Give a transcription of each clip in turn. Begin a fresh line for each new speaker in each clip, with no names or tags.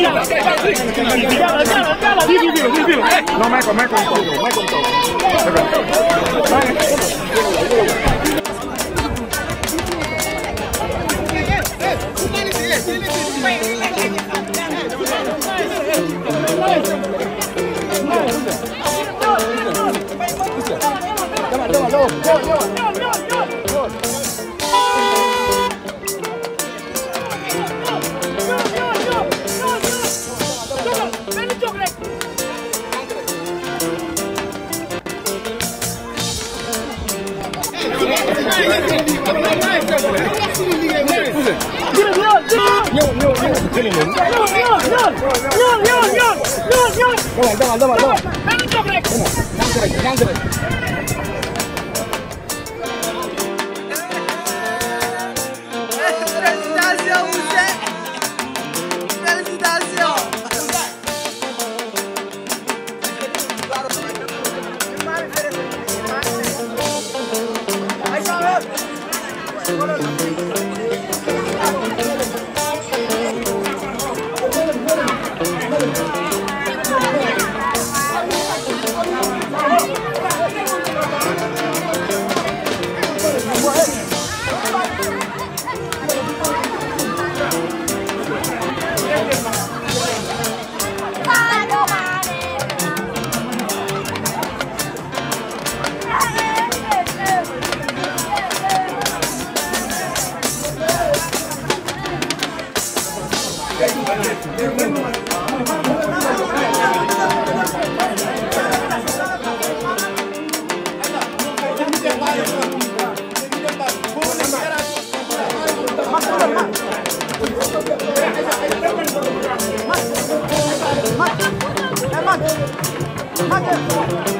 No, Michael, Michael, Michael, Michael. Michael. Michael. yoon yoon yoon yoon Mate! Mate!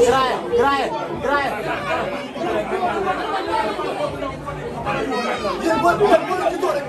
graye graye graye yéen boo dugal boo la ci toog rek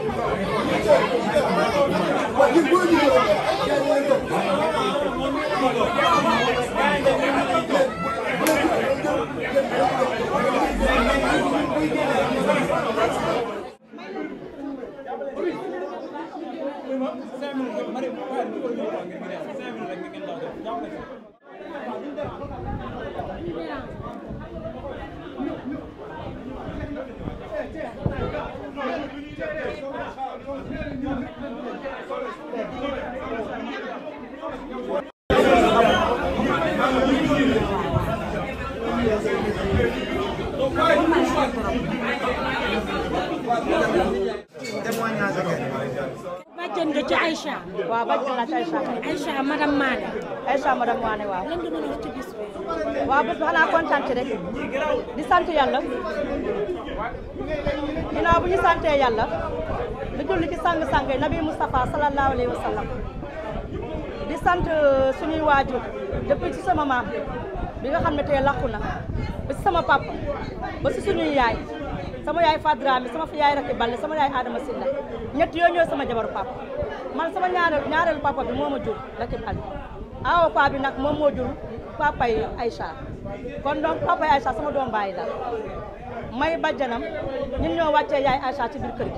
ngeen nga ci Aïcha. waaw bañ na la ci Aïcha. Aïcha madame Mané. Aïcha madame Mané waaw. a ci bis bi. rek di sant yàlla ginnaaw bu ñu santee yàlla di julli ci sang-sang yi nabi Moustapha sallallahu alayhi wa sallam di sant euh, suñuy waajur depuis ci sama maam bi nga xam ne tey làqu na ba ci sama papa ba ci suñuy yaay sama yaay Fadra mi sama yaay Rakki Balle sama yaay Adama Sylla ñett yooyu ñooy sama jabaru papa man sama ñaareelu ñaareelu papa bi moo ma jur Rakib Ali awo bi nag moom moo jur papa yi Aïcha kon donc papa sama doom bàyyi la may bàjjanam ñun ñoo wàccee yaay Aïcha ci biir kër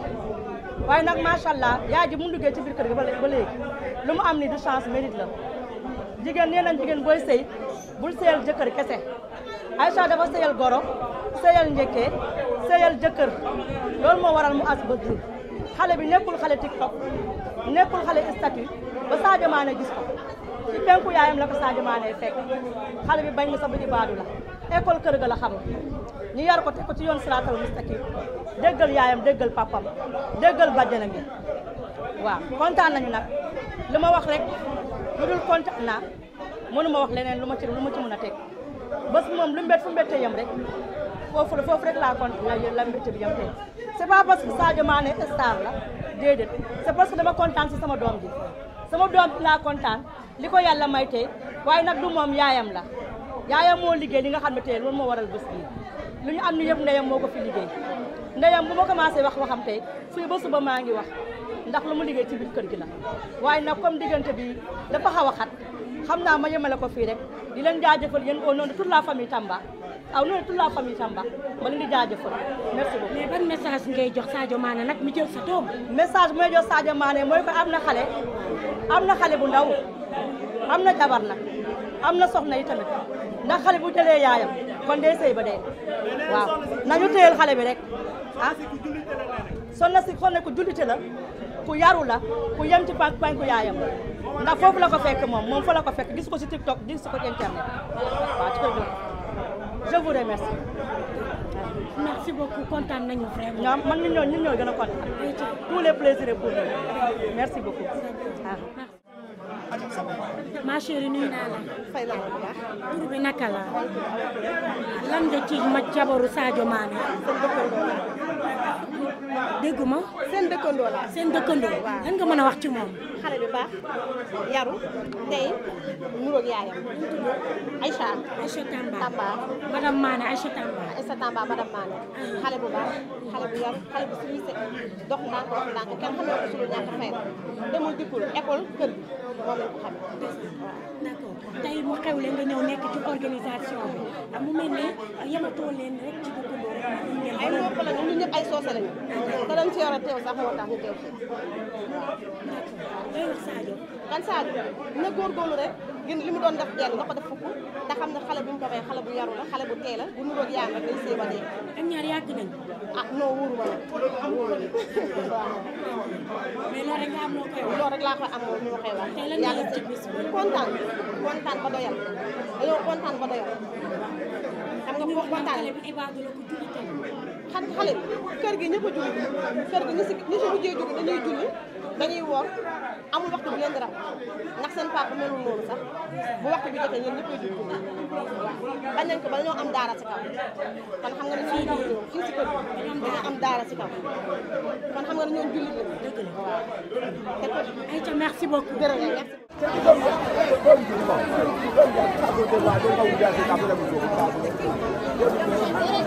waaye nag macha allah yaay ji mu duggee ci biir kër gi ba léegi lu mu am ni du chance mérite la jigéen nee nañ jigéen booy sey bul sëyal jëkkër kese Aïcha dafa sëyal goro sëyal njëkkee sëyal jëkkër loolu moo waral mu as ba jur xale bi nekkul xale TikTok nekkul xale statut ba Sadio Mané gis ko ci penku yaayam la ko Sadio Mané fekk xale bi bañ ma sa bëj baadu la école kër ga la xam ñu yar ko teg ko ci yoon siraatal mustaqim déggal yaayam déggal papam déggal bàjjanam yi waaw kontaan nañu nag lu ma wax rek lu dul kontaan naa mënu ma wax leneen lu ma ci lu ma ci mën a teg bés moom lu mbét fu mbétte yam rek foofu la foofu rek laa kontaan la mbétte bi yam tey c'est pas parce que Sadio Mané star la déedéet c'est parce que dama kontaan si sama doom ji sama doom bi laa kontaan li ko yàlla may tey waaye nag du moom yaayam la yaayam moo liggéey li nga xam ne tey loolu moo waral bës bii lu ñu am ni yëpp ndeyam moo ko fi liggéey ndeyam bu ma commencé wax waxam tey suy ba suba maa ngi wax ndax lu mu liggéey ci biir kër gi la waaye nag comme diggante bi dafa xaw a xat xam naa ma yemale ko fii rek di leen jaajëfal yéen au nom de toute la famille Tamba aw noonu toute la famille Tamba ma leen di jaajëfal merci beaucoup. mais ban message ngay jox Sadio Mané nag mi jël sa doom. message bu may jox Sadio Mané mooy ko am na xale am na xale bu ndaw am na jabar nag am na soxna yi tamit ndax xale bu jëlee yaayam kon day sëy ba dee waaw nañu téyel xale bi rek ah sonna si xool ne ku jullite la ku yaru la ku yem ci pànk pànku ndax foofu la ko fekk moom moom fa la ko fekk gis ko ci TikTok gis ko ci internet waaw ci ko je vous remercie. merci beaucoup kontaan nañu vraiment. ñoom man ñun ñoo ñun ñoo gën a kontaan. tous les plaisirs est merci beaucoup. Ah. ma chérie bi naka la. lan nga ci ma jabaru Sadio Mané. dégguma seen dëkkandoo la seen dëkkandoo lan nga mën a wax ci moom xale bi baax yaru tey nuróog yaayam Aïcha Aïcha Tamba madame Mané Aïcha Tamba Aïcha Tamba madame Mané ah. xale bu baax xale bu yaru xale bu suñu set dox ndànk dox ndànk kenn xam ko suñu ñàkk fay demul dikkul école kër bi moom la ko xamee tey mu xewle nga ñëw nekk ci organisation bi ah, mu mel ne yamatoo leen rek ci dëkkandoo ay mbokk lañu ñun ñëpp ay soose lañu te dañ ci war a teew sax moo tax ñu teew kan Sadio na góorgóorlu rek gën li mu doon def benn nga ko def fukk te xam ne xale bu mu ko may xale bu yaru la xale bu teel la bu nuróog yaam rek séeba dee ah noo koy wax moom ñu kontaan kontaan ba doyal dañoo kontaan ba doyal wax waxtaan xam nga xale gi ñëpp a julli kër gi ñu si ñu si mujjee jóg dañuy julli dañuy woor amul waxtu bu a julli waaw bañ nañ ba ñoo am daara si kaw kon xam nga ne fii nii ñoom fii si kër dañoo am daara si kaw kon xam nga julli lañu. dëgg la waaw